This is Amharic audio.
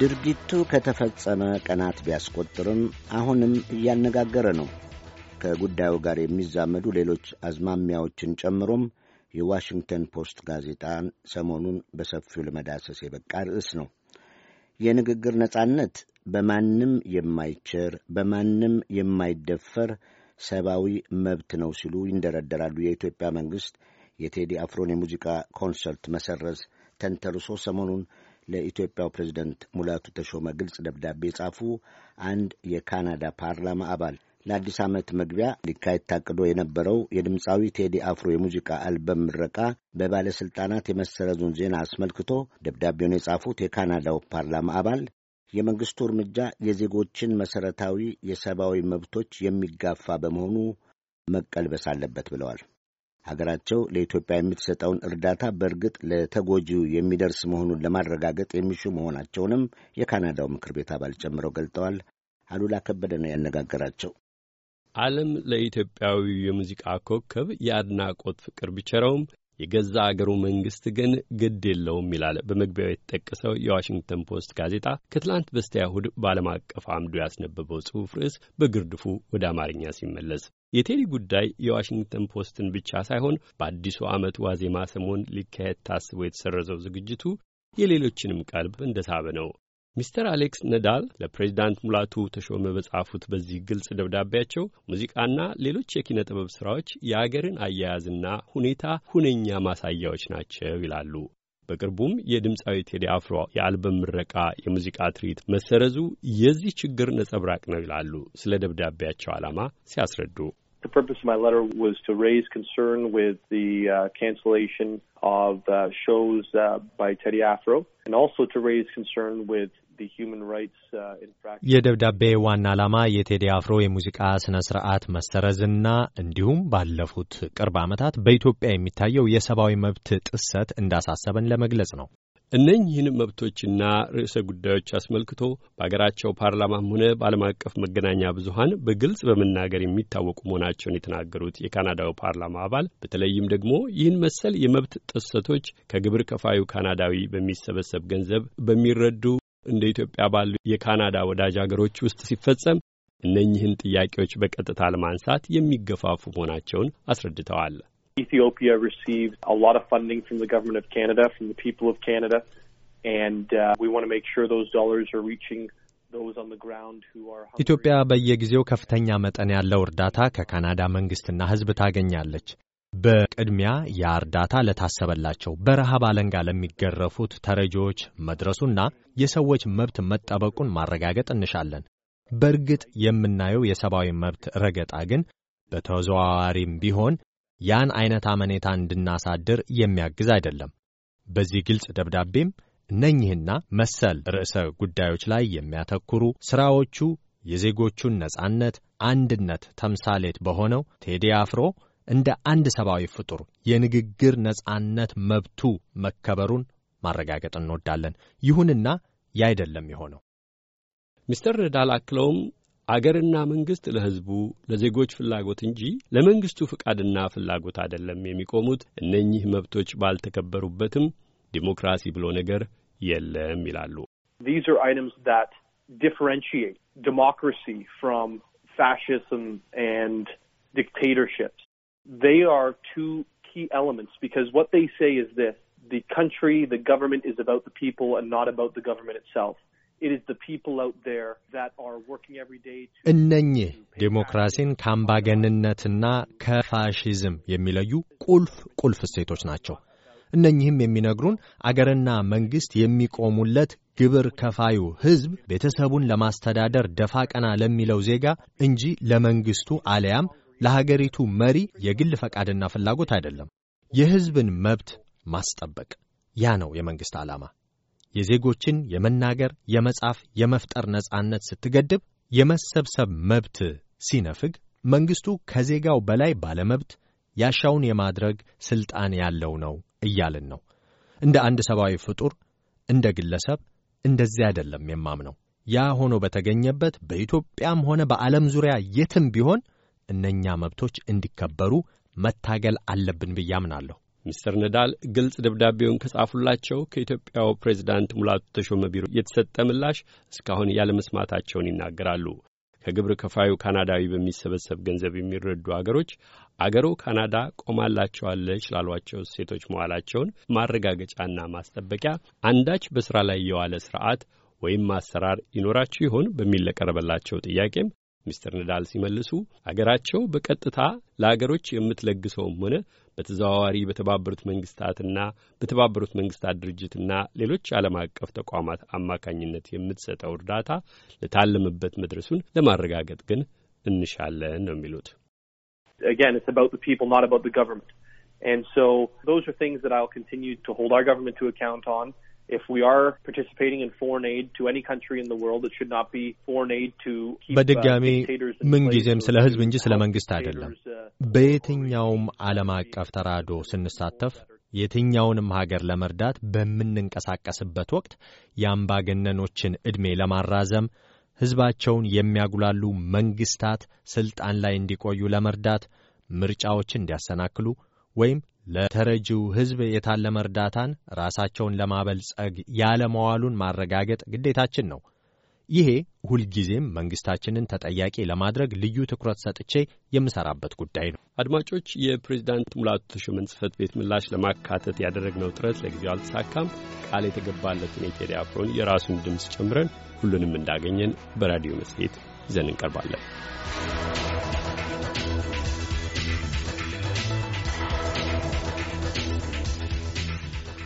ድርጊቱ ከተፈጸመ ቀናት ቢያስቆጥርም አሁንም እያነጋገረ ነው። ከጉዳዩ ጋር የሚዛመዱ ሌሎች አዝማሚያዎችን ጨምሮም የዋሽንግተን ፖስት ጋዜጣን ሰሞኑን በሰፊው ለመዳሰስ የበቃ ርዕስ ነው። የንግግር ነጻነት በማንም የማይቸር በማንም የማይደፈር ሰብአዊ መብት ነው ሲሉ ይንደረደራሉ የኢትዮጵያ መንግሥት የቴዲ አፍሮን የሙዚቃ ኮንሰርት መሰረዝ ተንተርሶ ሰሞኑን ለኢትዮጵያው ፕሬዚደንት ሙላቱ ተሾመ ግልጽ ደብዳቤ የጻፉ አንድ የካናዳ ፓርላማ አባል ለአዲስ ዓመት መግቢያ ሊካሄድ ታቅዶ የነበረው የድምፃዊ ቴዲ አፍሮ የሙዚቃ አልበም ምረቃ በባለሥልጣናት የመሰረዙን ዜና አስመልክቶ ደብዳቤውን የጻፉት የካናዳው ፓርላማ አባል የመንግሥቱ እርምጃ የዜጎችን መሠረታዊ የሰብአዊ መብቶች የሚጋፋ በመሆኑ መቀልበስ አለበት ብለዋል። ሀገራቸው ለኢትዮጵያ የምትሰጠውን እርዳታ በእርግጥ ለተጎጂው የሚደርስ መሆኑን ለማረጋገጥ የሚሹ መሆናቸውንም የካናዳው ምክር ቤት አባል ጨምረው ገልጠዋል። አሉላ ከበደ ነው ያነጋገራቸው። ዓለም ለኢትዮጵያዊው የሙዚቃ ኮከብ የአድናቆት ፍቅር ቢቸረውም የገዛ አገሩ መንግስት ግን ግድ የለውም ይላል በመግቢያው የተጠቀሰው የዋሽንግተን ፖስት ጋዜጣ ከትላንት በስቲያ እሁድ በዓለም አቀፍ አምዱ ያስነበበው ጽሑፍ ርዕስ በግርድፉ ወደ አማርኛ ሲመለስ የቴሊ ጉዳይ የዋሽንግተን ፖስትን ብቻ ሳይሆን በአዲሱ ዓመት ዋዜማ ሰሞን ሊካሄድ ታስቦ የተሰረዘው ዝግጅቱ የሌሎችንም ቀልብ እንደሳበ ነው። ሚስተር አሌክስ ነዳል ለፕሬዚዳንት ሙላቱ ተሾመ በጻፉት በዚህ ግልጽ ደብዳቤያቸው ሙዚቃና ሌሎች የኪነ ጥበብ ሥራዎች የአገርን አያያዝና ሁኔታ ሁነኛ ማሳያዎች ናቸው ይላሉ። በቅርቡም የድምፃዊ ቴዲ አፍሮ የአልበም ምረቃ የሙዚቃ ትርኢት መሰረዙ የዚህ ችግር ነጸብራቅ ነው ይላሉ። ስለ ደብዳቤያቸው ዓላማ ሲያስረዱ The purpose of my letter was to raise concern with the uh, cancellation of uh, shows uh, by Teddy Afro and also to raise concern with the human uh, ዓላማ የቴዲ አፍሮ የሙዚቃ መሰረዝና እንዲሁም ባለፉት ቅርብ ዓመታት በኢትዮጵያ የሚታየው የሰብአዊ መብት ጥሰት እንዳሳሰበን ለመግለጽ ነው። እነኚህን መብቶችና ርዕሰ ጉዳዮች አስመልክቶ በአገራቸው ፓርላማም ሆነ በዓለም አቀፍ መገናኛ ብዙሀን በግልጽ በመናገር የሚታወቁ መሆናቸውን የተናገሩት የካናዳው ፓርላማ አባል በተለይም ደግሞ ይህን መሰል የመብት ጥሰቶች ከግብር ከፋዩ ካናዳዊ በሚሰበሰብ ገንዘብ በሚረዱ እንደ ኢትዮጵያ ባሉ የካናዳ ወዳጅ አገሮች ውስጥ ሲፈጸም እነኚህን ጥያቄዎች በቀጥታ ለማንሳት የሚገፋፉ መሆናቸውን አስረድተዋል። Ethiopia receives a lot of funding from the government of Canada, from the people of Canada, and uh, we want to make sure those dollars are reaching ኢትዮጵያ በየጊዜው ከፍተኛ መጠን ያለው እርዳታ ከካናዳ መንግስትና ሕዝብ ታገኛለች። በቅድሚያ ያ እርዳታ ለታሰበላቸው በረሃብ አለንጋ ለሚገረፉት ተረጂዎች መድረሱና የሰዎች መብት መጠበቁን ማረጋገጥ እንሻለን። በእርግጥ የምናየው የሰብአዊ መብት ረገጣ ግን በተዘዋዋሪም ቢሆን ያን አይነት አመኔታ እንድናሳድር የሚያግዝ አይደለም። በዚህ ግልጽ ደብዳቤም እነኚህና መሰል ርዕሰ ጉዳዮች ላይ የሚያተኩሩ ሥራዎቹ የዜጎቹን ነጻነት፣ አንድነት ተምሳሌት በሆነው ቴዲ አፍሮ እንደ አንድ ሰብአዊ ፍጡር የንግግር ነጻነት መብቱ መከበሩን ማረጋገጥ እንወዳለን። ይሁንና አይደለም የሆነው። ሚስተር ዳል አክለውም አገርና መንግስት ለህዝቡ ለዜጎች ፍላጎት እንጂ ለመንግስቱ ፍቃድና ፍላጎት አይደለም የሚቆሙት። እነኚህ መብቶች ባልተከበሩበትም ዲሞክራሲ ብሎ ነገር የለም ይላሉ። ዲሞክራሲ እነኚህ ዴሞክራሲን ከአምባገንነትና ከፋሽዝም የሚለዩ ቁልፍ ቁልፍ እሴቶች ናቸው። እነኚህም የሚነግሩን አገርና መንግሥት የሚቆሙለት ግብር ከፋዩ ሕዝብ ቤተሰቡን ለማስተዳደር ደፋ ቀና ለሚለው ዜጋ እንጂ ለመንግሥቱ አለያም ለሀገሪቱ መሪ የግል ፈቃድና ፍላጎት አይደለም። የሕዝብን መብት ማስጠበቅ ያ ነው የመንግሥት ዓላማ። የዜጎችን የመናገር፣ የመጻፍ፣ የመፍጠር ነጻነት ስትገድብ፣ የመሰብሰብ መብት ሲነፍግ፣ መንግሥቱ ከዜጋው በላይ ባለመብት ያሻውን የማድረግ ሥልጣን ያለው ነው እያልን ነው። እንደ አንድ ሰብአዊ ፍጡር፣ እንደ ግለሰብ እንደዚህ አይደለም የማምነው። ያ ሆኖ በተገኘበት በኢትዮጵያም ሆነ በዓለም ዙሪያ የትም ቢሆን እነኛ መብቶች እንዲከበሩ መታገል አለብን ብዬ አምናለሁ። ሚስተር ነዳል ግልጽ ደብዳቤውን ከጻፉላቸው ከኢትዮጵያው ፕሬዚዳንት ሙላቱ ተሾመ ቢሮ የተሰጠ ምላሽ እስካሁን ያለመስማታቸውን ይናገራሉ። ከግብር ከፋዩ ካናዳዊ በሚሰበሰብ ገንዘብ የሚረዱ አገሮች አገሩ ካናዳ ቆማላቸዋለች ላሏቸው ሴቶች መዋላቸውን ማረጋገጫና ማስጠበቂያ አንዳች በስራ ላይ የዋለ ስርዓት ወይም አሰራር ይኖራቸው ይሆን በሚል ለቀረበላቸው ጥያቄም ሚስተር ነዳል ሲመልሱ አገራቸው በቀጥታ ለአገሮች የምትለግሰውም ሆነ በተዘዋዋሪ በተባበሩት መንግስታትና በተባበሩት መንግስታት ድርጅትና ሌሎች ዓለም አቀፍ ተቋማት አማካኝነት የምትሰጠው እርዳታ ለታለመበት መድረሱን ለማረጋገጥ ግን እንሻለን ነው የሚሉት። Again, it's about the people, not about the government. And so those are things that I'll continue to hold our government to account on. በድጋሚ ምንጊዜም ስለ ህዝብ እንጂ ስለ መንግስት አይደለም። በየትኛውም ዓለም አቀፍ ተራዶ ስንሳተፍ የትኛውንም ሀገር ለመርዳት በምንንቀሳቀስበት ወቅት የአምባገነኖችን ዕድሜ ለማራዘም ሕዝባቸውን የሚያጉላሉ መንግሥታት ሥልጣን ላይ እንዲቆዩ ለመርዳት ምርጫዎችን እንዲያሰናክሉ ወይም ለተረጂው ሕዝብ የታለመ እርዳታን ራሳቸውን ለማበልጸግ ያለመዋሉን ማረጋገጥ ግዴታችን ነው። ይሄ ሁልጊዜም መንግስታችንን ተጠያቂ ለማድረግ ልዩ ትኩረት ሰጥቼ የምሰራበት ጉዳይ ነው። አድማጮች፣ የፕሬዚዳንት ሙላቱ ተሾመን ጽህፈት ቤት ምላሽ ለማካተት ያደረግነው ጥረት ለጊዜው አልተሳካም። ቃል የተገባለትን የቴዲ አፍሮን የራሱን ድምፅ ጨምረን ሁሉንም እንዳገኘን በራዲዮ መጽሔት ይዘን እንቀርባለን።